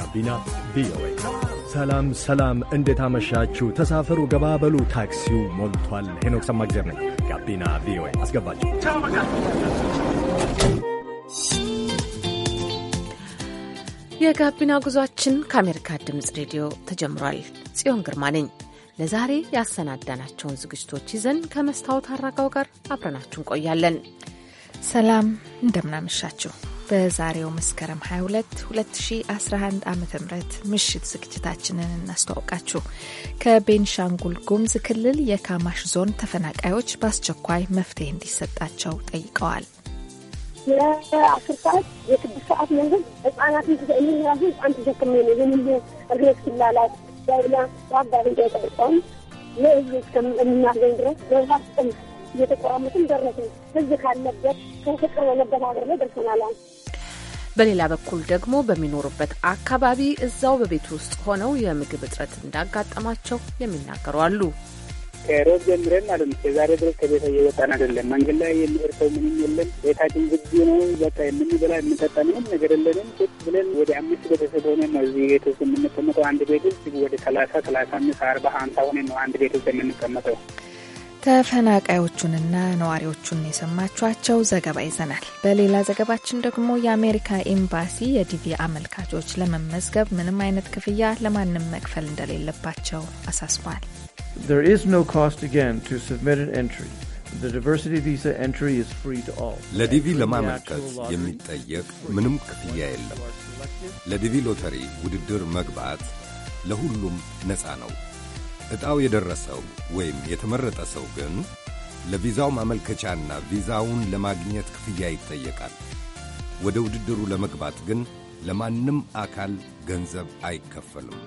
ጋቢና ቪኦኤ። ሰላም ሰላም፣ እንዴት አመሻችሁ? ተሳፈሩ፣ ገባበሉ፣ ታክሲው ሞልቷል። ሄኖክ ሰማግዜር ነኝ። ጋቢና ቪኦኤ ሰላም ሰላም እንዴት አመሻችሁ ተሳፈሩ በሉ ታክሲው ሞልቷል ሄኖክ ሰማግዜር ነኝ ጋቢና ቪኦኤ አስገባችሁ የጋቢና ጉዟችን ከአሜሪካ ድምፅ ሬዲዮ ተጀምሯል። ጽዮን ግርማ ነኝ። ለዛሬ ያሰናዳናቸውን ዝግጅቶች ይዘን ከመስታወት አራጋው ጋር አብረናችሁ እንቆያለን። ሰላም እንደምናመሻችሁ በዛሬው መስከረም 22 2011 ዓ ም ምሽት ዝግጅታችንን እናስተዋውቃችሁ። ከቤንሻንጉል ጉምዝ ክልል የካማሽ ዞን ተፈናቃዮች በአስቸኳይ መፍትሄ እንዲሰጣቸው ጠይቀዋል። የአስር ሰዓት የስድስት ሰዓት መንገድ ህጻናት ህጻን ተሸክሜ ነው እግሬት ዳይላ ጠይቀውን ለህዝብ እስከምናገኝ ድረስ ህዝብ ካለበት ከፍቅር ሀገር ላይ ደርሰናላል። በሌላ በኩል ደግሞ በሚኖሩበት አካባቢ እዛው በቤት ውስጥ ሆነው የምግብ እጥረት እንዳጋጠማቸው የሚናገሩ አሉ። ከሮብ ጀምረን ማለት ነው እስከዛሬ ድረስ ከቤት እየወጣን አይደለም። መንገድ ላይ የሚሄድ ሰው ምንም የለም። ቤታችን ዝግ ነው። በቃ የምንበላ የምንጠጣ ምንም ነገር የለንም። ቁጭ ብለን ወደ አምስት ቤተሰብ ሆነ ነው እዚህ ቤት ውስጥ የምንቀመጠው። አንድ ቤት ውስጥ ወደ ሰላሳ ሰላሳ አምስት አርባ ሀምሳ ሆነ ነው አንድ ቤት ውስጥ የምንቀመጠው። ተፈናቃዮቹንና ነዋሪዎቹን የሰማችኋቸው ዘገባ ይዘናል። በሌላ ዘገባችን ደግሞ የአሜሪካ ኤምባሲ የዲቪ አመልካቾች ለመመዝገብ ምንም አይነት ክፍያ ለማንም መክፈል እንደሌለባቸው አሳስቧል። ለዲቪ ለማመልከት የሚጠየቅ ምንም ክፍያ የለም። ለዲቪ ሎተሪ ውድድር መግባት ለሁሉም ነፃ ነው። ዕጣው የደረሰው ወይም የተመረጠ ሰው ግን ለቪዛው ማመልከቻና ቪዛውን ለማግኘት ክፍያ ይጠየቃል። ወደ ውድድሩ ለመግባት ግን ለማንም አካል ገንዘብ አይከፈልም።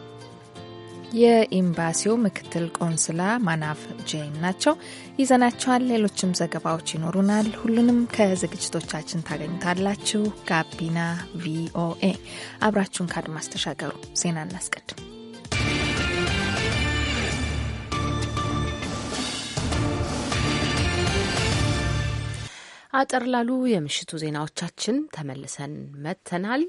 የኤምባሲው ምክትል ቆንስላ ማናፍ ጄን ናቸው። ይዘናቸዋል። ሌሎችም ዘገባዎች ይኖሩናል። ሁሉንም ከዝግጅቶቻችን ታገኙታላችሁ። ጋቢና ቪኦኤ አብራችሁን ከአድማስ ተሻገሩ። ዜና እናስቀድም። አጠር ላሉ የምሽቱ ዜናዎቻችን ተመልሰን መጥተናል።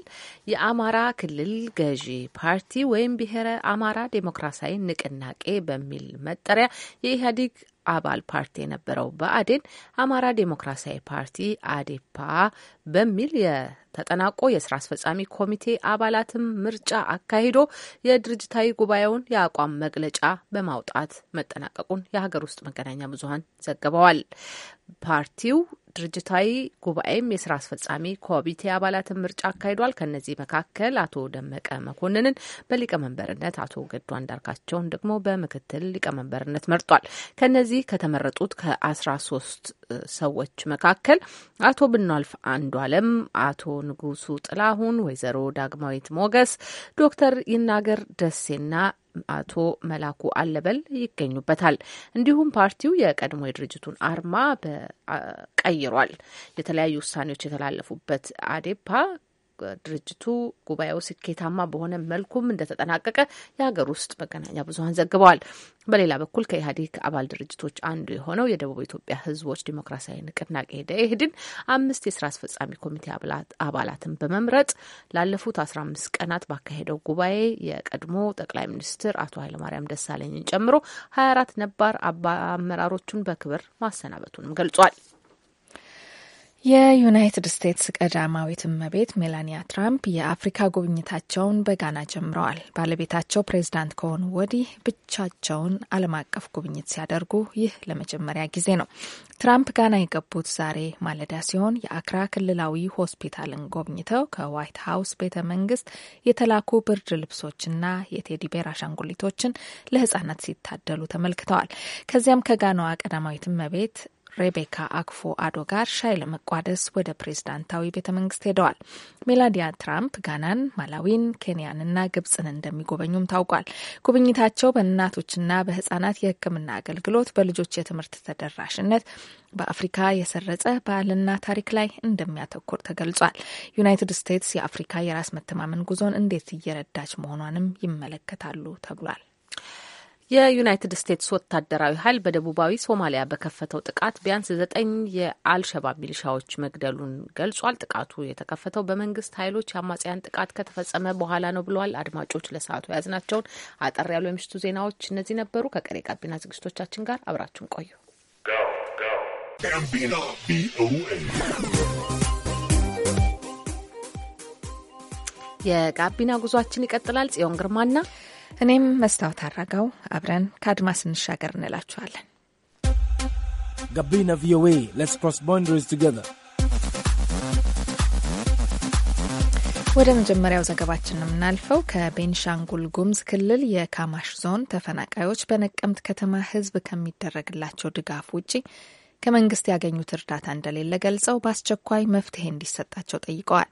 የአማራ ክልል ገዢ ፓርቲ ወይም ብሔረ አማራ ዴሞክራሲያዊ ንቅናቄ በሚል መጠሪያ የኢህአዴግ አባል ፓርቲ የነበረው በአዴን አማራ ዴሞክራሲያዊ ፓርቲ አዴፓ በሚል የተጠናቆ የስራ አስፈጻሚ ኮሚቴ አባላትም ምርጫ አካሂዶ የድርጅታዊ ጉባኤውን የአቋም መግለጫ በማውጣት መጠናቀቁን የሀገር ውስጥ መገናኛ ብዙኃን ዘግበዋል። ፓርቲው ድርጅታዊ ጉባኤም የስራ አስፈጻሚ ኮሚቴ አባላትን ምርጫ አካሂዷል። ከነዚህ መካከል አቶ ደመቀ መኮንንን በሊቀመንበርነት፣ አቶ ገዱ አንዳርጋቸውን ደግሞ በምክትል ሊቀመንበርነት መርጧል። ከነዚህ ከተመረጡት ከአስራ ሶስት ሰዎች መካከል አቶ ብናልፍ አንዱ አለም፣ አቶ ንጉሱ ጥላሁን፣ ወይዘሮ ዳግማዊት ሞገስ፣ ዶክተር ይናገር ደሴና አቶ መላኩ አለበል ይገኙበታል። እንዲሁም ፓርቲው የቀድሞ የድርጅቱን አርማ ቀይሯል። የተለያዩ ውሳኔዎች የተላለፉበት አዴፓ ድርጅቱ ጉባኤው ስኬታማ በሆነ መልኩም እንደተጠናቀቀ የሀገር ውስጥ መገናኛ ብዙኃን ዘግበዋል። በሌላ በኩል ከኢህአዴግ አባል ድርጅቶች አንዱ የሆነው የደቡብ ኢትዮጵያ ሕዝቦች ዲሞክራሲያዊ ንቅናቄ ደኢህዴን አምስት የስራ አስፈጻሚ ኮሚቴ አባላትን በመምረጥ ላለፉት አስራ አምስት ቀናት ባካሄደው ጉባኤ የቀድሞ ጠቅላይ ሚኒስትር አቶ ኃይለማርያም ደሳለኝን ጨምሮ ሀያ አራት ነባር አባ አመራሮቹን በክብር ማሰናበቱንም ገልጿል። የዩናይትድ ስቴትስ ቀዳማዊት እመቤት ሜላኒያ ትራምፕ የአፍሪካ ጉብኝታቸውን በጋና ጀምረዋል። ባለቤታቸው ፕሬዚዳንት ከሆኑ ወዲህ ብቻቸውን ዓለም አቀፍ ጉብኝት ሲያደርጉ ይህ ለመጀመሪያ ጊዜ ነው። ትራምፕ ጋና የገቡት ዛሬ ማለዳ ሲሆን የአክራ ክልላዊ ሆስፒታልን ጎብኝተው ከዋይት ሀውስ ቤተ መንግስት የተላኩ ብርድ ልብሶችና የቴዲ ቤር አሻንጉሊቶችን ለህጻናት ሲታደሉ ተመልክተዋል። ከዚያም ከጋናዋ ቀዳማዊት እመቤት ሬቤካ አክፎ አዶ ጋር ሻይ ለመቋደስ ወደ ፕሬዝዳንታዊ ቤተ መንግስት ሄደዋል። ሜላኒያ ትራምፕ ጋናን፣ ማላዊን፣ ኬንያንና ግብጽን እንደሚጎበኙም ታውቋል። ጉብኝታቸው በእናቶችና በህጻናት የህክምና አገልግሎት፣ በልጆች የትምህርት ተደራሽነት፣ በአፍሪካ የሰረጸ ባህልና ታሪክ ላይ እንደሚያተኩር ተገልጿል። ዩናይትድ ስቴትስ የአፍሪካ የራስ መተማመን ጉዞን እንዴት እየረዳች መሆኗንም ይመለከታሉ ተብሏል። የዩናይትድ ስቴትስ ወታደራዊ ኃይል በደቡባዊ ሶማሊያ በከፈተው ጥቃት ቢያንስ ዘጠኝ የአልሸባብ ሚሊሻዎች መግደሉን ገልጿል። ጥቃቱ የተከፈተው በመንግስት ኃይሎች የአማጽያን ጥቃት ከተፈጸመ በኋላ ነው ብለዋል። አድማጮች፣ ለሰዓቱ የያዝናቸውን አጠር ያሉ የምሽቱ ዜናዎች እነዚህ ነበሩ። ከቀሪ ጋቢና ዝግጅቶቻችን ጋር አብራችሁን ቆዩ። የጋቢና ጉዟችን ይቀጥላል። ጽዮን ግርማና እኔም መስታወት አረጋው አብረን ከአድማስ እንሻገር እንላችኋለን። ጋቢና ቪኦኤ ሌትስ ክሮስ ቦንደሪስ ቱጌዘር። ወደ መጀመሪያው ዘገባችን የምናልፈው ከቤንሻንጉል ጉምዝ ክልል የካማሽ ዞን ተፈናቃዮች በነቀምት ከተማ ሕዝብ ከሚደረግላቸው ድጋፍ ውጪ ከመንግስት ያገኙት እርዳታ እንደሌለ ገልጸው በአስቸኳይ መፍትሄ እንዲሰጣቸው ጠይቀዋል።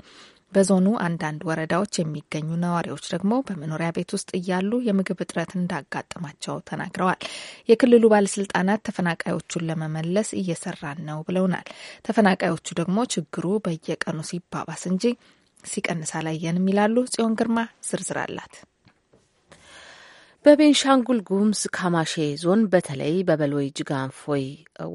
በዞኑ አንዳንድ ወረዳዎች የሚገኙ ነዋሪዎች ደግሞ በመኖሪያ ቤት ውስጥ እያሉ የምግብ እጥረት እንዳጋጠማቸው ተናግረዋል። የክልሉ ባለስልጣናት ተፈናቃዮቹን ለመመለስ እየሰራን ነው ብለውናል። ተፈናቃዮቹ ደግሞ ችግሩ በየቀኑ ሲባባስ እንጂ ሲቀንስ አላየንም ይላሉ። ጽዮን ግርማ ዝርዝር አላት። በቤንሻንጉል ጉሙዝ ካማሼ ዞን በተለይ በበሎይ ጅጋንፎይ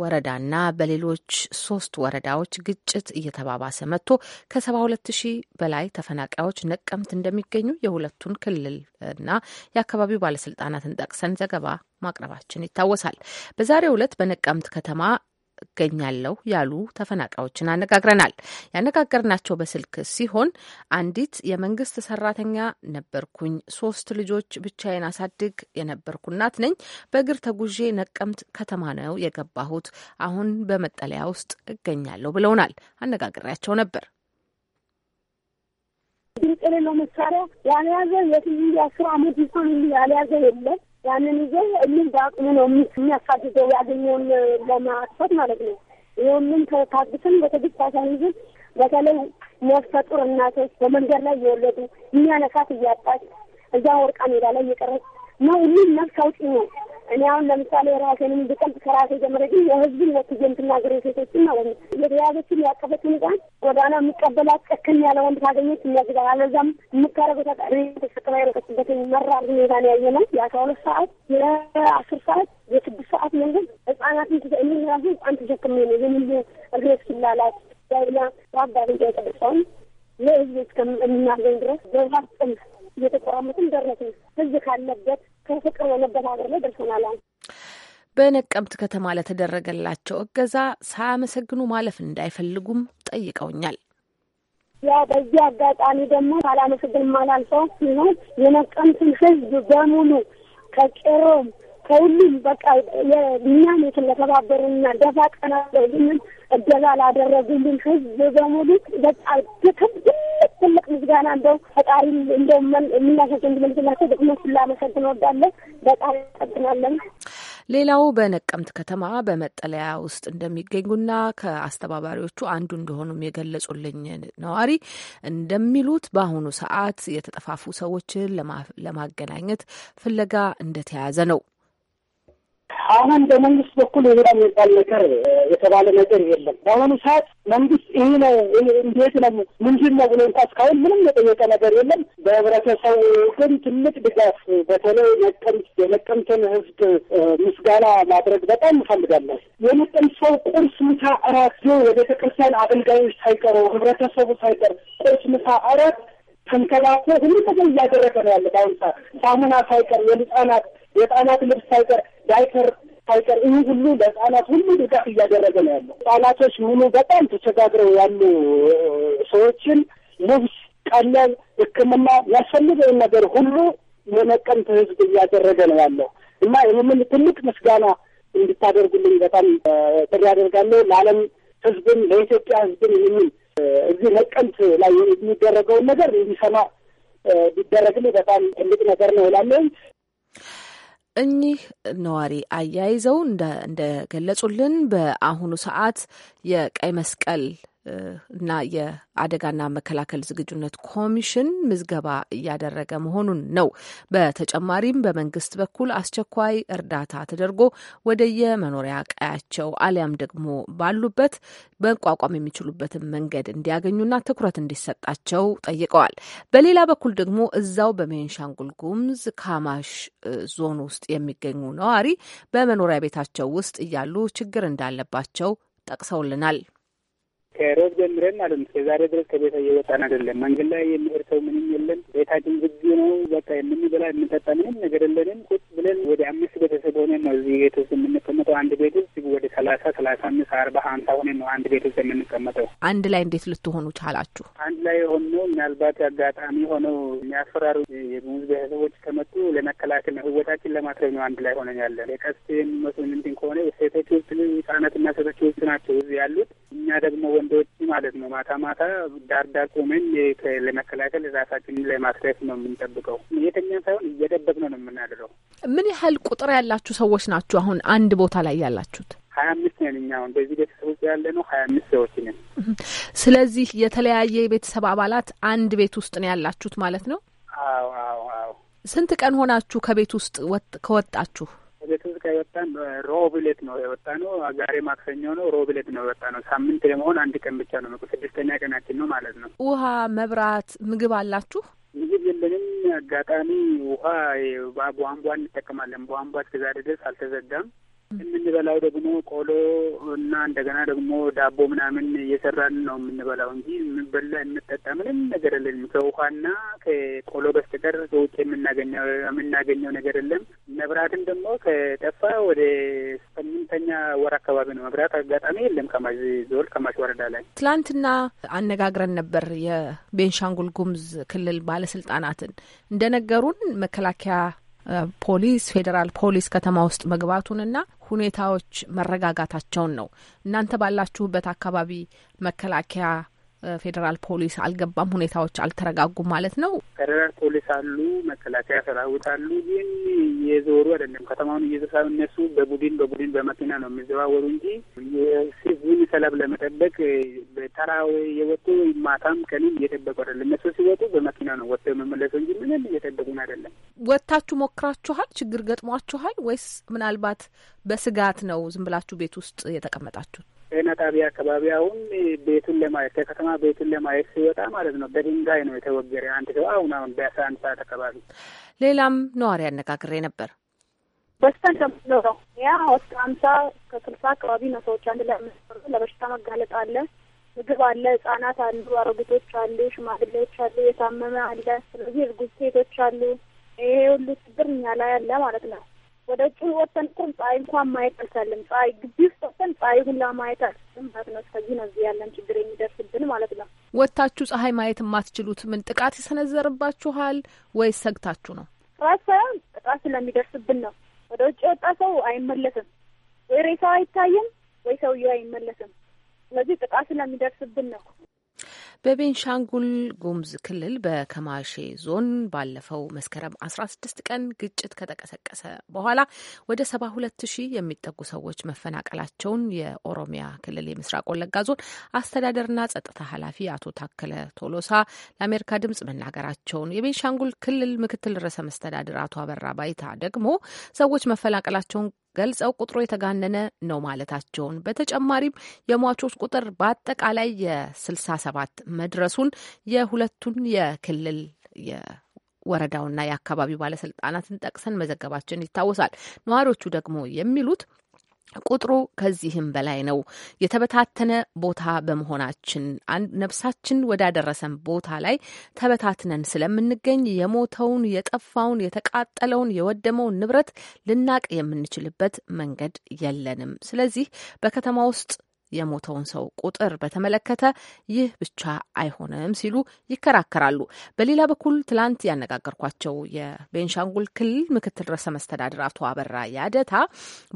ወረዳና በሌሎች ሶስት ወረዳዎች ግጭት እየተባባሰ መጥቶ ከ ሁለት ሺህ በላይ ተፈናቃዮች ነቀምት እንደሚገኙ የሁለቱን ክልልና የአካባቢው ባለስልጣናትን ጠቅሰን ዘገባ ማቅረባችን ይታወሳል። በዛሬው ዕለት በነቀምት ከተማ እገኛለሁ ያሉ ተፈናቃዮችን አነጋግረናል። ያነጋገርናቸው በስልክ ሲሆን አንዲት የመንግስት ሰራተኛ ነበርኩኝ፣ ሶስት ልጆች ብቻዬን አሳድግ የነበርኩ እናት ነኝ። በእግር ተጉዤ ነቀምት ከተማ ነው የገባሁት። አሁን በመጠለያ ውስጥ እገኛለሁ ብለውናል። አነጋግሬያቸው ነበር። ድምፅ የሌለው መሳሪያ ያልያዘ የትም አስር አመት እንኳን ያልያዘ የለም ያንን ይዘ እኔም በአቅሙ ነው የሚያሳድገው ያገኘውን ለማጥፋት ማለት ነው። ይህንን ከታግስም በትዕግስት አሳይዝም በተለይ ነፍሰጡር እናቶች በመንገድ ላይ እየወለዱ የሚያነካት እያጣች እዛ ወርቃ ሜዳ ላይ እየቀረች ነው። ሁሉም ነፍስ አውጪ ነው እኔ አሁን ለምሳሌ የራሴንም ብቀል ከራሴ ጀምረ ግን የህዝብን ወክዬ የምትናገር ሴቶችን ማለት ነው የተያዘችን ያቀፈችን ህጻን ጎዳና የምቀበላት ጨክን ያለ ወንድ ካገኘች የሚያግዛ አለዛም የምታደረገ ታጣሪ ተሸክማ የረቀችበት መራር ሁኔታ ነው ያየ ነው። የአስራ ሁለት ሰዓት የአስር ሰዓት የስድስት ሰዓት መንገድ ህጻናትን እኔ ራሱ ህጻን ተሸክሜ ነው የምን ሬስ ሲላላት ዳይላ ዋጋ ብንጫ ለህዝብ እስከምናገኝ ድረስ በዛ ጥም እየተቆራመትን ደረስን ህዝብ ካለበት ከፍቅር የሆነበት ሀገር ላይ ደርሰናል። በነቀምት ከተማ ለተደረገላቸው እገዛ ሳያመሰግኑ ማለፍ እንዳይፈልጉም ጠይቀውኛል። ያ በዚህ አጋጣሚ ደግሞ ሳላመሰግን ማላልፈው ሲሆን የነቀምትን ህዝብ በሙሉ ከቄሮም ከሁሉም በቃ እኛን ስለተባበሩና ደፋ ቀና ላሉልን እገዛ ላደረጉልን ህዝብ በሙሉ በቃ ትልቅ ትልቅ ምስጋና እንደው ፈጣሪ እንደው የምናመሰግንላቸው ስላቸው ደግሞ ስላመሰግን ወዳለን በጣም ያጠግናለን። ሌላው በነቀምት ከተማ በመጠለያ ውስጥ እንደሚገኙና ከአስተባባሪዎቹ አንዱ እንደሆኑም የገለጹልኝ ነዋሪ እንደሚሉት በአሁኑ ሰዓት የተጠፋፉ ሰዎችን ለማገናኘት ፍለጋ እንደተያዘ ነው። አሁን በመንግስት በኩል የሌላ የሚባል ነገር የተባለ ነገር የለም። በአሁኑ ሰዓት መንግስት ይህ ነው እንዴት ነው ምንድን ነው ብሎ እንኳ እስካሁን ምንም የጠየቀ ነገር የለም። በህብረተሰቡ ግን ትልቅ ድጋፍ በተለይ ነቀምት የነቀምትን ህዝብ ምስጋና ማድረግ በጣም እንፈልጋለን። የነቀምት ሰው ቁርስ፣ ምሳ፣ እራት የቤተ ክርስቲያን አገልጋዮች ሳይቀሩ ህብረተሰቡ ሳይቀር ቁርስ፣ ምሳ፣ እራት ተንከባክቦ ሁሉ ነገር እያደረገ ነው ያለ። በአሁኑ ሰዓት ሳሙና ሳይቀር የህጻናት የህጻናት ልብስ ሳይቀር ዳይፐር ሳይቀር ይህ ሁሉ ለህጻናት ሁሉ ድጋፍ እያደረገ ነው ያለው። ህጻናቶች ምኑ በጣም ተቸጋግረው ያሉ ሰዎችን ልብስ፣ ቀለብ፣ ህክምና ያስፈልገውን ነገር ሁሉ የነቀምት ህዝብ እያደረገ ነው ያለው እና ይህምን ትልቅ ምስጋና እንድታደርጉልኝ በጣም ጥሪ አደርጋለሁ። ለዓለም ህዝብን ለኢትዮጵያ ህዝብን ይህምን እዚህ ነቀምት ላይ የሚደረገውን ነገር እንዲሰማ ቢደረግልኝ በጣም ትልቅ ነገር ነው እላለሁ። እኚህ ነዋሪ አያይዘው እንደገለጹልን በአሁኑ ሰዓት የቀይ መስቀል እና የአደጋና መከላከል ዝግጁነት ኮሚሽን ምዝገባ እያደረገ መሆኑን ነው። በተጨማሪም በመንግስት በኩል አስቸኳይ እርዳታ ተደርጎ ወደ የመኖሪያ ቀያቸው አሊያም ደግሞ ባሉበት መቋቋም የሚችሉበትን መንገድ እንዲያገኙና ትኩረት እንዲሰጣቸው ጠይቀዋል። በሌላ በኩል ደግሞ እዛው በቤንሻንጉል ጉምዝ ካማሽ ዞን ውስጥ የሚገኙ ነዋሪ በመኖሪያ ቤታቸው ውስጥ እያሉ ችግር እንዳለባቸው ጠቅሰውልናል። ከሮብ ጀምረን ማለት ነው እስከዛሬ ድረስ ከቤት እየወጣን አይደለም። መንገድ ላይ የሚሄድ ሰው ምንም የለም። ቤታችን ዝግ ነው። በቃ የምንበላ የምንጠጣ ምንም ነገር የለንም። ቁጭ ብለን ወደ አምስት ቤተሰብ ሆነን ነው እዚህ ቤት ውስጥ የምንቀመጠው። አንድ ቤት ውስጥ ወደ ሰላሳ ሰላሳ አምስት አርባ ሀምሳ ሆነን ነው አንድ ቤት ውስጥ የምንቀመጠው። አንድ ላይ እንዴት ልትሆኑ ቻላችሁ? አንድ ላይ የሆነው ምናልባት አጋጣሚ ሆነው የሚያስፈራሩ የሙዝ ቤተሰብ ለማክረብ ነው አንድ ላይ ሆነን ያለ የቀስ የሚመስሉን እንትን ከሆነ ሴቶች ውስጥ ህጻናትና ሴቶች ውስጥ ናቸው እዚህ ያሉት። እኛ ደግሞ ወንዶች ማለት ነው ማታ ማታ ዳር ዳር ቆመን ለመከላከል ራሳችንን ለማስረፍ ነው የምንጠብቀው። የተኛን ሳይሆን እየደበቅ ነው ነው የምናድረው። ምን ያህል ቁጥር ያላችሁ ሰዎች ናችሁ አሁን አንድ ቦታ ላይ ያላችሁት? ሀያ አምስት ነን እኛ አሁን በዚህ ቤተሰብ ውስጥ ያለ ነው ሀያ አምስት ሰዎች ነን። ስለዚህ የተለያየ የቤተሰብ አባላት አንድ ቤት ውስጥ ነው ያላችሁት ማለት ነው? አዎ አዎ ስንት ቀን ሆናችሁ ከቤት ውስጥ ከወጣችሁ? ከቤት ውስጥ ከወጣን ሮብ ዕለት ነው የወጣ ነው። ዛሬ ማክሰኞ ነው። ሮብ ዕለት ነው የወጣ ነው። ሳምንት ለመሆን አንድ ቀን ብቻ ነው። ስድስተኛ ቀናችን ነው ማለት ነው። ውሃ፣ መብራት፣ ምግብ አላችሁ? ምግብ የለንም። አጋጣሚ ውሃ ቧንቧ እንጠቀማለን። ቧንቧ እስከዛሬ ድረስ አልተዘጋም። የምንበላው ደግሞ ቆሎ እና እንደገና ደግሞ ዳቦ ምናምን እየሰራን ነው የምንበላው እንጂ የምንበላ የምጠጣ ምንም ነገር የለንም። ከውሃና ከቆሎ በስተቀር ከውጭ የምናገኘው የምናገኘው ነገር የለም። መብራትም ደግሞ ከጠፋ ወደ ስምንተኛ ወር አካባቢ ነው። መብራት አጋጣሚ የለም። ከማሽ ዞል ከማሽ ወረዳ ላይ ትላንትና አነጋግረን ነበር የቤንሻንጉል ጉሙዝ ክልል ባለስልጣናትን እንደነገሩን መከላከያ ፖሊስ ፌዴራል ፖሊስ ከተማ ውስጥ መግባቱንና ሁኔታዎች መረጋጋታቸውን ነው። እናንተ ባላችሁበት አካባቢ መከላከያ ፌዴራል ፖሊስ አልገባም፣ ሁኔታዎች አልተረጋጉም ማለት ነው። ፌዴራል ፖሊስ አሉ፣ መከላከያ ሰራዊት አሉ። ግን እየዞሩ አይደለም ከተማውን እየተሳብ እነሱ በቡድን በቡድን በመኪና ነው የሚዘዋወሩ እንጂ የሲቪል ሰላም ለመጠበቅ በተራ የወጡ ማታም ቀንም እየጠበቁ አይደለም። እነሱ ሲወጡ በመኪና ነው ወጥተው የመመለሰው እንጂ ምንም እየጠበቁን አይደለም። ወጥታችሁ ሞክራችኋል? ችግር ገጥሟችኋል? ወይስ ምናልባት በስጋት ነው ዝም ብላችሁ ቤት ውስጥ የተቀመጣችሁት? ጤና ጣቢያ አካባቢ አሁን ቤቱን ለማየት ከከተማ ቤቱን ለማየት ሲወጣ ማለት ነው በድንጋይ ነው የተወገረ አንድ ሰው አሁን አሁን በአስራ አንድ ሰዓት አካባቢ። ሌላም ነዋሪ አነጋግሬ ነበር። በስተን ከምትኖረው ያ እስከ ሀምሳ ከስልሳ አካባቢ ነው ሰዎች አንድ ላይ የሚሰሩ ለበሽታ መጋለጥ አለ፣ ምግብ አለ፣ ህጻናት አሉ፣ አሮጊቶች አሉ፣ ሽማግሌዎች አሉ፣ የታመመ አለ። ስለዚህ እርጉዝ ሴቶች አሉ። ይሄ ሁሉ ችግር እኛ ላይ አለ ማለት ነው። ወደ ውጭ ወጥተን ቁም ፀሐይ እንኳን ማየት አልቻለም። ፀሐይ ግቢ ውስጥ ወጥተን ፀሐይ ሁላ ማየት አልቻለም ማለት ነው። እስከዚህ ነው እዚህ ያለን ችግር የሚደርስብን ማለት ነው። ወጥታችሁ ፀሐይ ማየት የማትችሉት ምን ጥቃት ይሰነዘርባችኋል ወይስ ሰግታችሁ ነው? ጥቃት ሳይሆን ጥቃት ስለሚደርስብን ነው። ወደ ውጭ የወጣ ሰው አይመለስም። ወይ ሬሳው አይታይም፣ ወይ ሰውየው አይመለስም። ስለዚህ ጥቃት ስለሚደርስብን ነው። በቤንሻንጉል ጉሙዝ ክልል በከማሼ ዞን ባለፈው መስከረም 16 ቀን ግጭት ከተቀሰቀሰ በኋላ ወደ 72 ሺህ የሚጠጉ ሰዎች መፈናቀላቸውን የኦሮሚያ ክልል የምስራቅ ወለጋ ዞን አስተዳደርና ጸጥታ ኃላፊ አቶ ታከለ ቶሎሳ ለአሜሪካ ድምጽ መናገራቸውን የቤንሻንጉል ክልል ምክትል ርዕሰ መስተዳድር አቶ አበራ ባይታ ደግሞ ሰዎች መፈናቀላቸውን ገልጸው ቁጥሩ የተጋነነ ነው ማለታቸውን በተጨማሪም የሟቾች ቁጥር በአጠቃላይ የ ሰባት መድረሱን የሁለቱን የክልል ወረዳውና የአካባቢው ባለስልጣናትን ጠቅሰን መዘገባችን ይታወሳል። ነዋሪዎቹ ደግሞ የሚሉት ቁጥሩ ከዚህም በላይ ነው። የተበታተነ ቦታ በመሆናችን ነፍሳችን ወዳደረሰን ቦታ ላይ ተበታትነን ስለምንገኝ የሞተውን፣ የጠፋውን፣ የተቃጠለውን፣ የወደመውን ንብረት ልናቅ የምንችልበት መንገድ የለንም። ስለዚህ በከተማ ውስጥ የሞተውን ሰው ቁጥር በተመለከተ ይህ ብቻ አይሆንም ሲሉ ይከራከራሉ። በሌላ በኩል ትላንት ያነጋገርኳቸው የቤንሻንጉል ክልል ምክትል ርዕሰ መስተዳድር አቶ አበራ ያደታ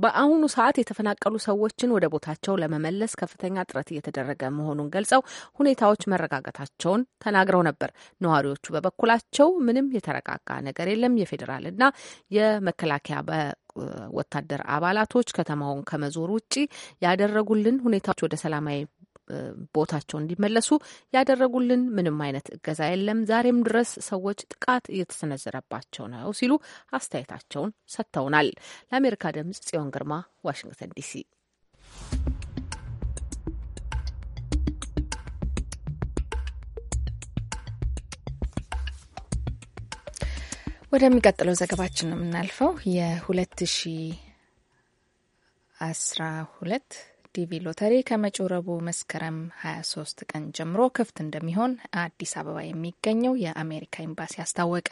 በአሁኑ ሰዓት የተፈናቀሉ ሰዎችን ወደ ቦታቸው ለመመለስ ከፍተኛ ጥረት እየተደረገ መሆኑን ገልጸው ሁኔታዎች መረጋጋታቸውን ተናግረው ነበር። ነዋሪዎቹ በበኩላቸው ምንም የተረጋጋ ነገር የለም፣ የፌዴራልና የመከላከያ ወታደር አባላቶች ከተማውን ከመዞር ውጪ ያደረጉልን ሁኔታዎች ወደ ሰላማዊ ቦታቸው እንዲመለሱ ያደረጉልን ምንም አይነት እገዛ የለም። ዛሬም ድረስ ሰዎች ጥቃት እየተሰነዘረባቸው ነው ሲሉ አስተያየታቸውን ሰጥተውናል። ለአሜሪካ ድምጽ ጽዮን ግርማ ዋሽንግተን ዲሲ ወደሚቀጥለው ዘገባችን ነው የምናልፈው። የ2012 ዲቪ ሎተሪ ከመጪው ረቡዕ መስከረም 23 ቀን ጀምሮ ክፍት እንደሚሆን አዲስ አበባ የሚገኘው የአሜሪካ ኤምባሲ አስታወቀ።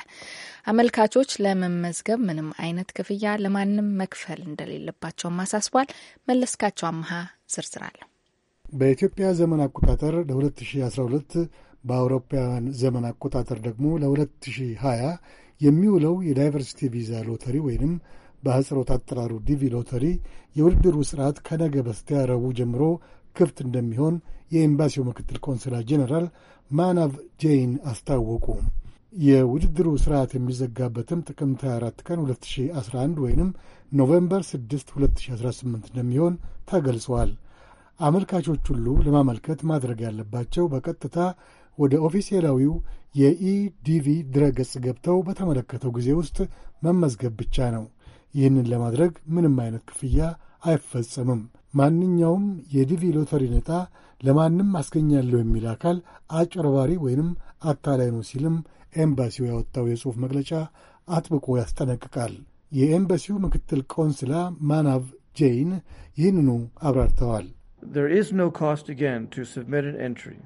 አመልካቾች ለመመዝገብ ምንም አይነት ክፍያ ለማንም መክፈል እንደሌለባቸውም አሳስቧል። መለስካቸው አመሃ ዝርዝር አለው። በኢትዮጵያ ዘመን አቆጣጠር ለ2012 በአውሮፓውያን ዘመን አቆጣጠር ደግሞ ለ2020 የሚውለው የዳይቨርሲቲ ቪዛ ሎተሪ ወይንም በአህጽሮት አጠራሩ ዲቪ ሎተሪ የውድድሩ ስርዓት ከነገ በስቲያ ረቡዕ ጀምሮ ክፍት እንደሚሆን የኤምባሲው ምክትል ኮንስላ ጄኔራል ማናቭ ጄይን አስታወቁ። የውድድሩ ስርዓት የሚዘጋበትም ጥቅምት 24 ቀን 2011 ወይንም ኖቬምበር 6 2018 እንደሚሆን ተገልጿል። አመልካቾች ሁሉ ለማመልከት ማድረግ ያለባቸው በቀጥታ ወደ ኦፊሴላዊው የኢዲቪ ድረገጽ ገብተው በተመለከተው ጊዜ ውስጥ መመዝገብ ብቻ ነው። ይህንን ለማድረግ ምንም አይነት ክፍያ አይፈጸምም። ማንኛውም የዲቪ ሎተሪ ነጣ ለማንም አስገኛለሁ የሚል አካል አጭበርባሪ ወይንም አታላይ ነው ሲልም ኤምባሲው ያወጣው የጽሑፍ መግለጫ አጥብቆ ያስጠነቅቃል። የኤምባሲው ምክትል ቆንስላ ማናቭ ጄይን ይህንኑ አብራርተዋል። There is no cost again to submit an entry.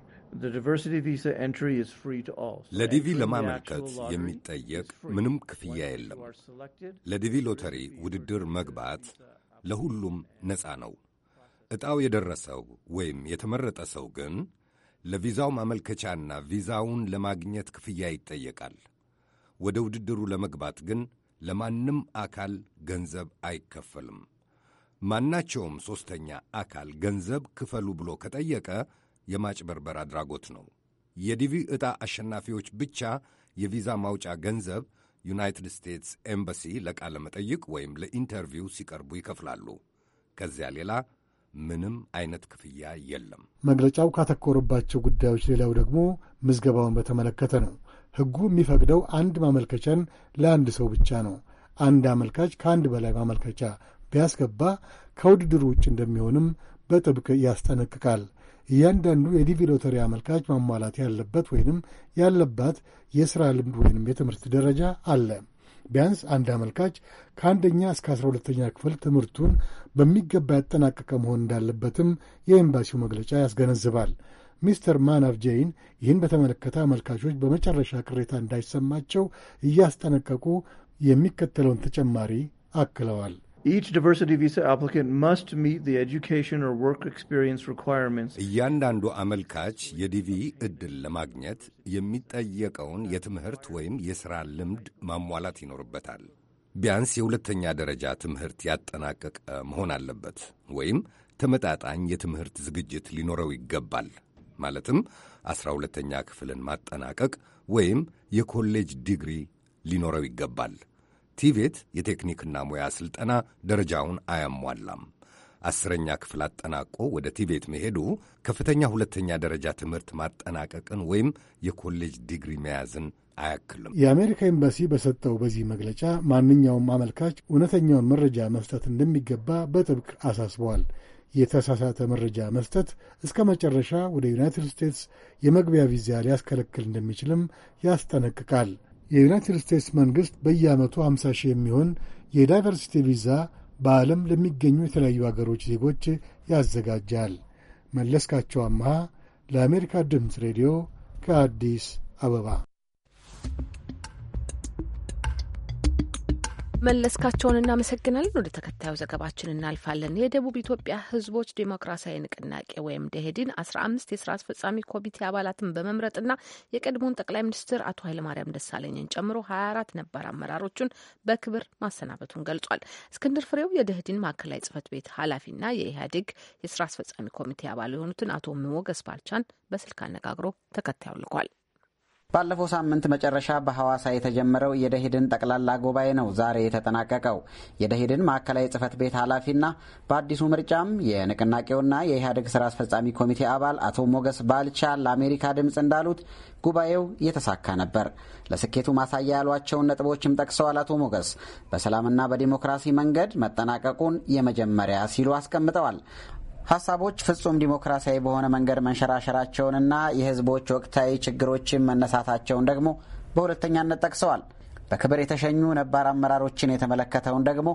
ለዲቪ ለማመልከት የሚጠየቅ ምንም ክፍያ የለም። ለዲቪ ሎተሪ ውድድር መግባት uh, ለሁሉም ነፃ ነው። ዕጣው የደረሰው ወይም የተመረጠ ሰው ግን ለቪዛው ማመልከቻና ቪዛውን ለማግኘት ክፍያ ይጠየቃል። ወደ ውድድሩ ለመግባት ግን ለማንም አካል ገንዘብ አይከፈልም። ማናቸውም ሦስተኛ አካል ገንዘብ ክፈሉ ብሎ ከጠየቀ የማጭበርበር አድራጎት ነው። የዲቪ ዕጣ አሸናፊዎች ብቻ የቪዛ ማውጫ ገንዘብ ዩናይትድ ስቴትስ ኤምባሲ ለቃለ መጠይቅ ወይም ለኢንተርቪው ሲቀርቡ ይከፍላሉ። ከዚያ ሌላ ምንም አይነት ክፍያ የለም። መግለጫው ካተኮረባቸው ጉዳዮች ሌላው ደግሞ ምዝገባውን በተመለከተ ነው። ሕጉ የሚፈቅደው አንድ ማመልከቻን ለአንድ ሰው ብቻ ነው። አንድ አመልካች ከአንድ በላይ ማመልከቻ ቢያስገባ ከውድድሩ ውጭ እንደሚሆንም በጥብቅ ያስጠነቅቃል። እያንዳንዱ የዲቪ ሎተሪ አመልካች ማሟላት ያለበት ወይንም ያለባት የሥራ ልምድ ወይንም የትምህርት ደረጃ አለ። ቢያንስ አንድ አመልካች ከአንደኛ እስከ አስራ ሁለተኛ ክፍል ትምህርቱን በሚገባ ያጠናቀቀ መሆን እንዳለበትም የኤምባሲው መግለጫ ያስገነዝባል። ሚስተር ማናፍ ጄይን ይህን በተመለከተ አመልካቾች በመጨረሻ ቅሬታ እንዳይሰማቸው እያስጠነቀቁ የሚከተለውን ተጨማሪ አክለዋል። Each diversity visa applicant must meet the education or work experience requirements. እያንዳንዱ አመልካች የዲቪ እድል ለማግኘት የሚጠየቀውን የትምህርት ወይም የሥራ ልምድ ማሟላት ይኖርበታል። ቢያንስ የሁለተኛ ደረጃ ትምህርት ያጠናቀቀ መሆን አለበት ወይም ተመጣጣኝ የትምህርት ዝግጅት ሊኖረው ይገባል። ማለትም ዐሥራ ሁለተኛ ክፍልን ማጠናቀቅ ወይም የኮሌጅ ዲግሪ ሊኖረው ይገባል። ቲቬት የቴክኒክና ሙያ ሥልጠና ደረጃውን አያሟላም። አስረኛ ክፍል አጠናቆ ወደ ቲቤት መሄዱ ከፍተኛ ሁለተኛ ደረጃ ትምህርት ማጠናቀቅን ወይም የኮሌጅ ዲግሪ መያዝን አያክልም። የአሜሪካ ኤምባሲ በሰጠው በዚህ መግለጫ ማንኛውም አመልካች እውነተኛውን መረጃ መስጠት እንደሚገባ በጥብቅ አሳስበዋል። የተሳሳተ መረጃ መስጠት እስከ መጨረሻ ወደ ዩናይትድ ስቴትስ የመግቢያ ቪዛ ሊያስከለክል እንደሚችልም ያስጠነቅቃል። የዩናይትድ ስቴትስ መንግሥት በየዓመቱ 50 ሺህ የሚሆን የዳይቨርሲቲ ቪዛ በዓለም ለሚገኙ የተለያዩ አገሮች ዜጎች ያዘጋጃል። መለስካቸው አምሃ ለአሜሪካ ድምፅ ሬዲዮ ከአዲስ አበባ መለስካቸውን እናመሰግናለን። ወደ ተከታዩ ዘገባችን እናልፋለን። የደቡብ ኢትዮጵያ ህዝቦች ዴሞክራሲያዊ ንቅናቄ ወይም ደሄድን አስራ አምስት የስራ አስፈጻሚ ኮሚቴ አባላትን በመምረጥና የቀድሞውን ጠቅላይ ሚኒስትር አቶ ኃይለማርያም ደሳለኝን ጨምሮ ሀያ አራት ነባር አመራሮቹን በክብር ማሰናበቱን ገልጿል። እስክንድር ፍሬው የደኢህዴን ማዕከላዊ ጽህፈት ቤት ኃላፊና የኢህአዴግ የስራ አስፈጻሚ ኮሚቴ አባል የሆኑትን አቶ ሞገስ ባልቻን በስልክ አነጋግሮ ተከታዩ ልኳል። ባለፈው ሳምንት መጨረሻ በሐዋሳ የተጀመረው የደሄድን ጠቅላላ ጉባኤ ነው ዛሬ የተጠናቀቀው። የደሄድን ማዕከላዊ ጽህፈት ቤት ኃላፊና በአዲሱ ምርጫም የንቅናቄውና የኢህአዴግ ስራ አስፈጻሚ ኮሚቴ አባል አቶ ሞገስ ባልቻ ለአሜሪካ ድምፅ እንዳሉት ጉባኤው የተሳካ ነበር። ለስኬቱ ማሳያ ያሏቸውን ነጥቦችም ጠቅሰዋል። አቶ ሞገስ በሰላምና በዲሞክራሲ መንገድ መጠናቀቁን የመጀመሪያ ሲሉ አስቀምጠዋል። ሀሳቦች ፍጹም ዲሞክራሲያዊ በሆነ መንገድ መንሸራሸራቸውንና የህዝቦች ወቅታዊ ችግሮችን መነሳታቸውን ደግሞ በሁለተኛነት ጠቅሰዋል። በክብር የተሸኙ ነባር አመራሮችን የተመለከተውን ደግሞ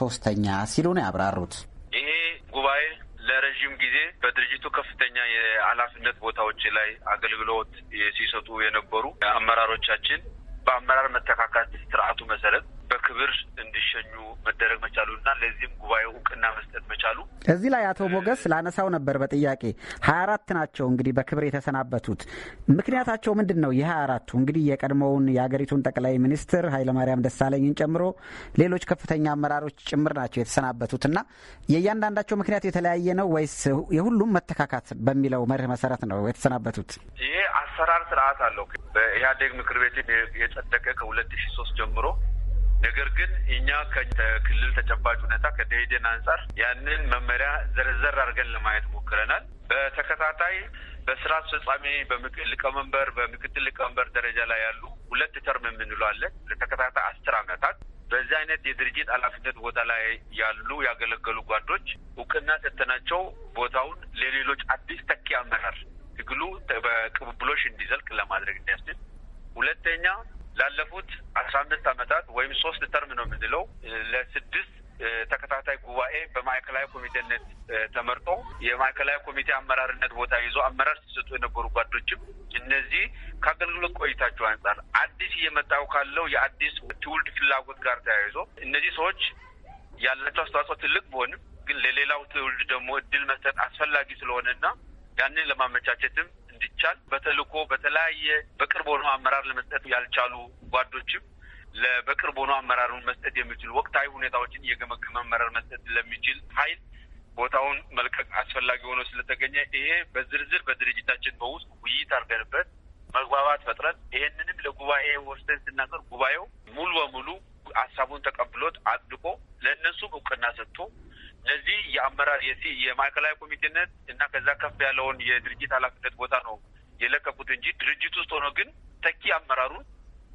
ሶስተኛ ሲሉ ነው ያብራሩት። ይሄ ጉባኤ ለረዥም ጊዜ በድርጅቱ ከፍተኛ የኃላፊነት ቦታዎች ላይ አገልግሎት ሲሰጡ የነበሩ አመራሮቻችን በአመራር መተካካት ስርዓቱ መሰረት በክብር እንዲሸኙ መደረግ መቻሉ ለዚህም ጉባኤው እውቅና መስጠት መቻሉ እዚህ ላይ አቶ ሞገስ ላነሳው ነበር በጥያቄ ሀያ አራት ናቸው እንግዲህ በክብር የተሰናበቱት ምክንያታቸው ምንድን ነው? የሀያ አራቱ እንግዲህ የቀድሞውን የሀገሪቱን ጠቅላይ ሚኒስትር ኃይለማርያም ደሳለኝን ጨምሮ ሌሎች ከፍተኛ አመራሮች ጭምር ናቸው የተሰናበቱት እና የእያንዳንዳቸው ምክንያት የተለያየ ነው ወይስ የሁሉም መተካካት በሚለው መርህ መሰረት ነው የተሰናበቱት? ይሄ አሰራር ስርዓት አለው በኢህአዴግ ምክር ቤት የጸደቀ ከሁለት ሺ ሶስት ጀምሮ ነገር ግን እኛ ከክልል ተጨባጭ ሁኔታ ከደኢህዴን አንጻር ያንን መመሪያ ዘርዘር አድርገን ለማየት ሞክረናል። በተከታታይ በስራ አስፈጻሚ ሊቀመንበር፣ በምክትል ሊቀመንበር ደረጃ ላይ ያሉ ሁለት ተርም የምንለዋለን ለተከታታይ አስር አመታት በዚህ አይነት የድርጅት ኃላፊነት ቦታ ላይ ያሉ ያገለገሉ ጓዶች እውቅና ሰጥተናቸው ቦታውን ለሌሎች አዲስ ተኪ አመራር ትግሉ በቅብብሎሽ እንዲዘልቅ ለማድረግ እንዲያስችል ሁለተኛ ላለፉት አስራ አምስት ዓመታት ወይም ሶስት ተርም ነው የምንለው ለስድስት ተከታታይ ጉባኤ በማዕከላዊ ኮሚቴነት ተመርጦ የማዕከላዊ ኮሚቴ አመራርነት ቦታ ይዞ አመራር ሲሰጡ የነበሩ ጓዶችም እነዚህ ከአገልግሎት ቆይታቸው አንጻር አዲስ እየመጣው ካለው የአዲስ ትውልድ ፍላጎት ጋር ተያይዞ እነዚህ ሰዎች ያላቸው አስተዋጽኦ ትልቅ ቢሆንም ግን ለሌላው ትውልድ ደግሞ እድል መስጠት አስፈላጊ ስለሆነና ያንን ለማመቻቸትም እንዲቻል በተልእኮ በተለያየ በቅርብ ሆኖ አመራር ለመስጠት ያልቻሉ ጓዶችም ለበቅርብ ሆኖ አመራሩን መስጠት የሚችል ወቅታዊ ሁኔታዎችን የገመገመ አመራር መስጠት ለሚችል ኃይል ቦታውን መልቀቅ አስፈላጊ ሆኖ ስለተገኘ ይሄ በዝርዝር በድርጅታችን በውስጥ ውይይት አድርገንበት መግባባት ፈጥረን ይሄንንም ለጉባኤ ወስደን ስናቀር ጉባኤው ሙሉ በሙሉ ሀሳቡን ተቀብሎት አጽድቆ ለእነሱም እውቅና ሰጥቶ ለዚህ የአመራር የማዕከላዊ ኮሚቴነት እና ከዛ ከፍ ያለውን የድርጅት ኃላፊነት ቦታ ነው የለቀቁት እንጂ ድርጅት ውስጥ ሆኖ ግን ተኪ አመራሩን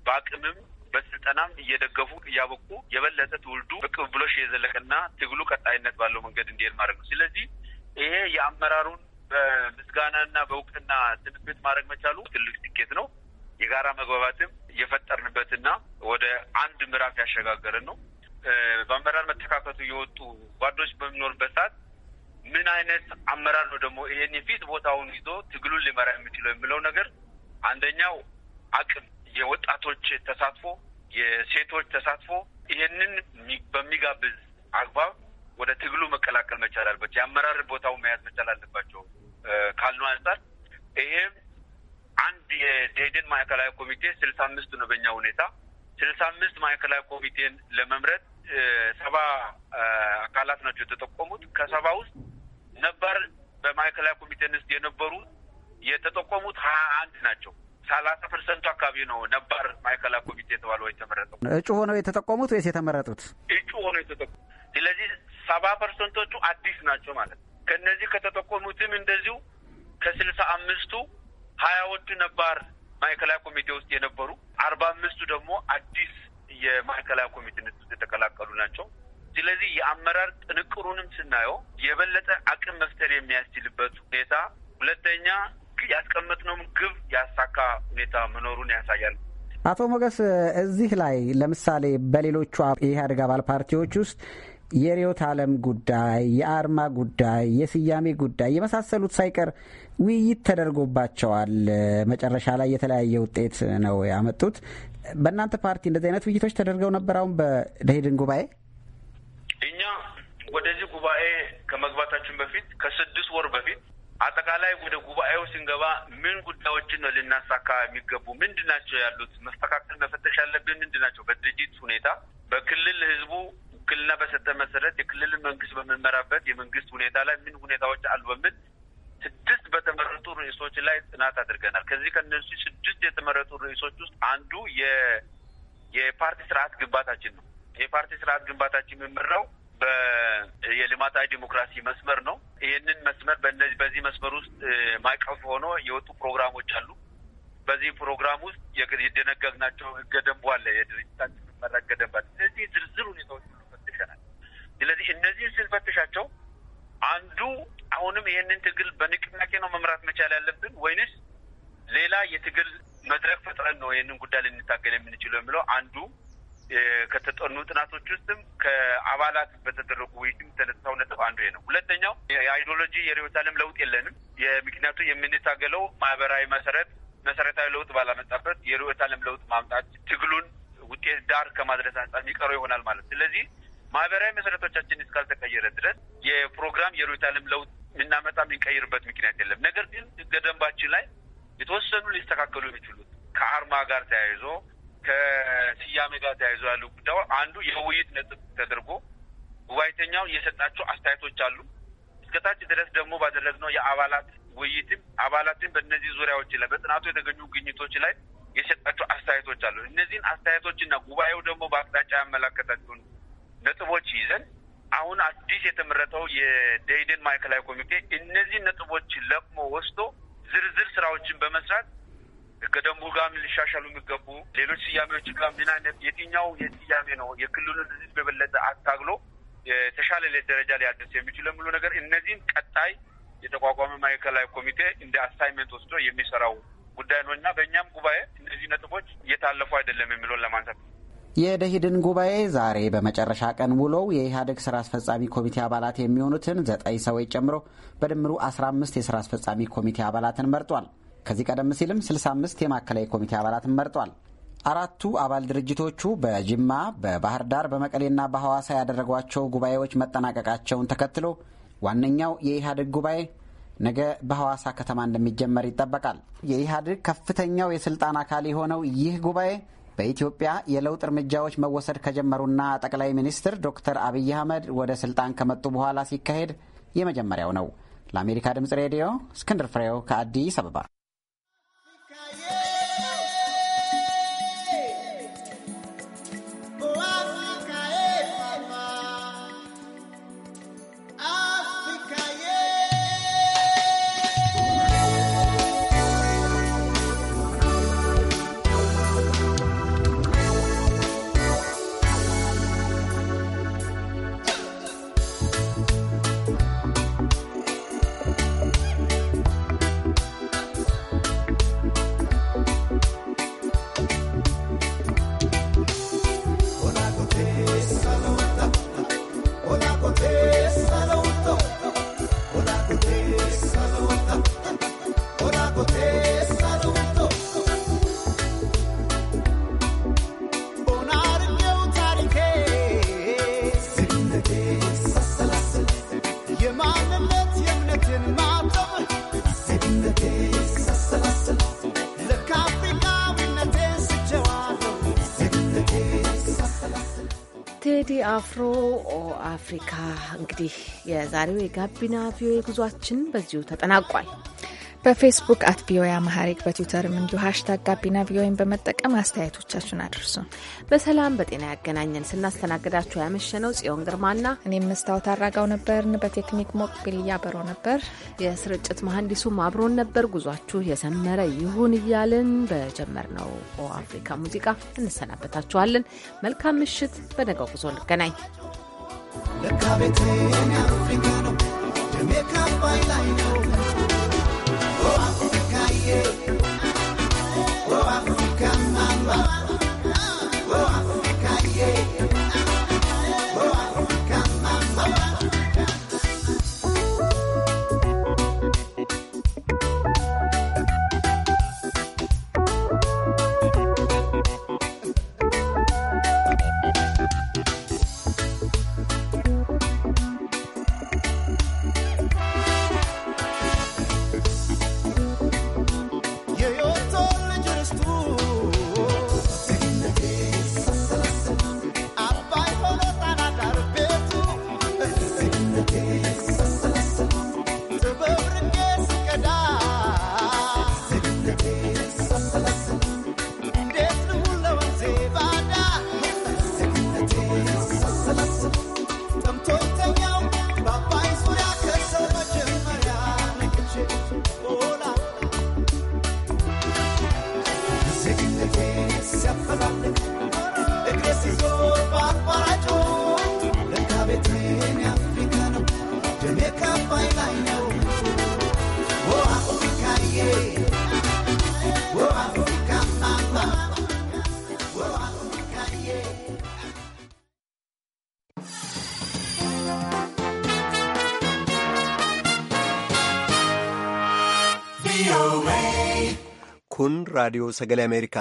በአቅምም በስልጠናም እየደገፉ እያበቁ የበለጠ ትውልዱ በቅብብሎሽ የዘለቀና ትግሉ ቀጣይነት ባለው መንገድ እንዲሄድ ማድረግ ነው። ስለዚህ ይሄ የአመራሩን በምስጋናና በእውቅና ስንብት ማድረግ መቻሉ ትልቅ ስኬት ነው። የጋራ መግባባትም የፈጠርንበትና ወደ አንድ ምዕራፍ ያሸጋገረን ነው። በአመራር መተካከቱ የወጡ ጓዶች በሚኖርበት ሰዓት ምን አይነት አመራር ነው ደግሞ ይሄን የፊት ቦታውን ይዞ ትግሉን ሊመራ የሚችለው የሚለው ነገር አንደኛው አቅም፣ የወጣቶች ተሳትፎ፣ የሴቶች ተሳትፎ ይሄንን በሚጋብዝ አግባብ ወደ ትግሉ መቀላቀል መቻል አለበት። የአመራር ቦታው መያዝ መቻል አለባቸው ካልነው አንጻር ይሄም አንድ የዴደን ማዕከላዊ ኮሚቴ ስልሳ አምስቱ ነው በእኛ ሁኔታ ስልሳ አምስት ማዕከላዊ ኮሚቴን ለመምረጥ ሰባ አካላት ናቸው የተጠቆሙት። ከሰባ ውስጥ ነባር በማዕከላዊ ኮሚቴን ውስጥ የነበሩ የተጠቆሙት ሀያ አንድ ናቸው። ሰላሳ ፐርሰንቱ አካባቢ ነው ነባር ማዕከላዊ ኮሚቴ የተባለው የተመረጠው። እጩ ሆነው የተጠቆሙት ወይስ የተመረጡት? እጩ ሆነው የተጠቆሙት። ስለዚህ ሰባ ፐርሰንቶቹ አዲስ ናቸው ማለት ነው። ከእነዚህ ከተጠቆሙትም እንደዚሁ ከስልሳ አምስቱ ሀያዎቹ ነባር ማዕከላዊ ኮሚቴ ውስጥ የነበሩ አርባ አምስቱ ደግሞ አዲስ የማዕከላዊ ኮሚቴነት ውስጥ የተቀላቀሉ ናቸው። ስለዚህ የአመራር ጥንቅሩንም ስናየው የበለጠ አቅም መፍጠር የሚያስችልበት ሁኔታ፣ ሁለተኛ ያስቀመጥነውም ግብ ያሳካ ሁኔታ መኖሩን ያሳያል። አቶ ሞገስ እዚህ ላይ ለምሳሌ በሌሎቹ የኢህአዴግ አባል ፓርቲዎች ውስጥ የርዕዮተ ዓለም ጉዳይ፣ የአርማ ጉዳይ፣ የስያሜ ጉዳይ የመሳሰሉት ሳይቀር ውይይት ተደርጎባቸዋል። መጨረሻ ላይ የተለያየ ውጤት ነው ያመጡት። በእናንተ ፓርቲ እንደዚህ አይነት ውይይቶች ተደርገው ነበር? አሁን በደሄድን ጉባኤ እኛ ወደዚህ ጉባኤ ከመግባታችን በፊት ከስድስት ወር በፊት አጠቃላይ ወደ ጉባኤው ስንገባ ምን ጉዳዮችን ነው ልናሳካ የሚገቡ ምንድን ናቸው ያሉት መስተካከል መፈተሽ ያለብን ምንድን ናቸው በድርጅት ሁኔታ በክልል ህዝቡ ውክልና በሰጠ መሰረት የክልልን መንግስት በምንመራበት የመንግስት ሁኔታ ላይ ምን ሁኔታዎች አሉ በሚል ስድስት በተመረጡ ርዕሶች ላይ ጥናት አድርገናል። ከዚህ ከነሱ ስድስት የተመረጡ ርዕሶች ውስጥ አንዱ የፓርቲ ስርዓት ግንባታችን ነው። የፓርቲ ስርዓት ግንባታችን የሚመራው የልማታዊ ዲሞክራሲ መስመር ነው። ይህንን መስመር በነዚህ በዚህ መስመር ውስጥ ማዕቀፍ ሆኖ የወጡ ፕሮግራሞች አሉ። በዚህ ፕሮግራም ውስጥ የደነገግናቸው ህገ ደንቡ አለ። የድርጅታችን መመሪያ ህገ ደንብ አለ። እነዚህ ዝርዝር ሁኔታዎች ስለዚህ እነዚህን ስንፈትሻቸው አንዱ አሁንም ይህንን ትግል በንቅናቄ ነው መምራት መቻል ያለብን ወይንስ ሌላ የትግል መድረክ ፈጥረን ነው ይህንን ጉዳይ ልንታገል የምንችለው የሚለው አንዱ ከተጠኑ ጥናቶች ውስጥም ከአባላት በተደረጉ ውይይትም ተነሳው ነጥብ አንዱ ነው። ሁለተኛው የአይዲዮሎጂ የርዕዮተ ዓለም ለውጥ የለንም። የምክንያቱ የምንታገለው ማህበራዊ መሰረት መሰረታዊ ለውጥ ባላመጣበት የርዕዮተ ዓለም ለውጥ ማምጣት ትግሉን ውጤት ዳር ከማድረስ አንጻር የሚቀረው ይሆናል ማለት ስለዚህ ማህበራዊ መሰረቶቻችን እስካልተቀየረ ድረስ የፕሮግራም የርዕዮተ ዓለም ለውጥ የምናመጣ የምንቀይርበት ምክንያት የለም። ነገር ግን ሕገ ደንባችን ላይ የተወሰኑ ሊስተካከሉ የሚችሉት ከአርማ ጋር ተያይዞ ከስያሜ ጋር ተያይዞ ያሉ ጉዳዮች አንዱ የውይይት ነጥብ ተደርጎ ጉባኤተኛው የሰጣቸው አስተያየቶች አሉ። እስከታች ድረስ ደግሞ ባደረግነው የአባላት ውይይትም አባላትን በእነዚህ ዙሪያዎች ላይ በጥናቱ የተገኙ ግኝቶች ላይ የሰጣቸው አስተያየቶች አሉ። እነዚህን አስተያየቶችና ጉባኤው ደግሞ በአቅጣጫ ያመላከታቸውን ነጥቦች ይዘን አሁን አዲስ የተመረጠው የደይደን ማዕከላዊ ኮሚቴ እነዚህ ነጥቦች ለቅሞ ወስዶ ዝርዝር ስራዎችን በመስራት ህገ ደንቡ ጋርም ሊሻሻሉ የሚገቡ ሌሎች ስያሜዎች ጋር ምን አይነት የትኛው የስያሜ ነው የክልሉን ህዝብ የበለጠ አታግሎ የተሻለ ሌት ደረጃ ሊያደርስ የሚችሉ የሚሉ ነገር እነዚህን ቀጣይ የተቋቋመ ማዕከላዊ ኮሚቴ እንደ አሳይመንት ወስዶ የሚሰራው ጉዳይ ነው እና በእኛም ጉባኤ እነዚህ ነጥቦች እየታለፉ አይደለም የሚለውን ለማንሳት የደሂድን ጉባኤ ዛሬ በመጨረሻ ቀን ውሎው የኢህአዴግ ስራ አስፈጻሚ ኮሚቴ አባላት የሚሆኑትን ዘጠኝ ሰዎች ጨምሮ በድምሩ 15 የስራ አስፈጻሚ ኮሚቴ አባላትን መርጧል። ከዚህ ቀደም ሲልም 65 የማዕከላዊ ኮሚቴ አባላትን መርጧል። አራቱ አባል ድርጅቶቹ በጅማ፣ በባህር ዳር፣ በመቀሌና በሐዋሳ ያደረጓቸው ጉባኤዎች መጠናቀቃቸውን ተከትሎ ዋነኛው የኢህአዴግ ጉባኤ ነገ በሐዋሳ ከተማ እንደሚጀመር ይጠበቃል። የኢህአዴግ ከፍተኛው የስልጣን አካል የሆነው ይህ ጉባኤ በኢትዮጵያ የለውጥ እርምጃዎች መወሰድ ከጀመሩና ጠቅላይ ሚኒስትር ዶክተር አብይ አህመድ ወደ ስልጣን ከመጡ በኋላ ሲካሄድ የመጀመሪያው ነው። ለአሜሪካ ድምጽ ሬዲዮ እስክንድር ፍሬው ከአዲስ አበባ አፍሮ አፍሪካ እንግዲህ የዛሬው የጋቢና ቪኦኤ ጉዟችን በዚሁ ተጠናቋል። በፌስቡክ አት ቪኦኤ አማሐሪክ በትዊተርም እንዲሁ ሀሽታግ ጋቢና ቪኦኤን በመጠቀም አስተያየቶቻችሁን አድርሱን። በሰላም በጤና ያገናኘን። ስናስተናግዳችሁ ያመሸነው ጽዮን ግርማና እኔም መስታወት አራጋው ነበርን። በቴክኒክ ሞቅቢል እያበረው ነበር። የስርጭት መሀንዲሱም አብሮን ነበር። ጉዟችሁ የሰመረ ይሁን እያልን በጀመርነው አፍሪካ ሙዚቃ እንሰናበታችኋለን። መልካም ምሽት። በነገው ጉዞ እንገናኝ። Look how it ነው in Africa, my mama. ራዲዮ ሰገሌ አሜሪካ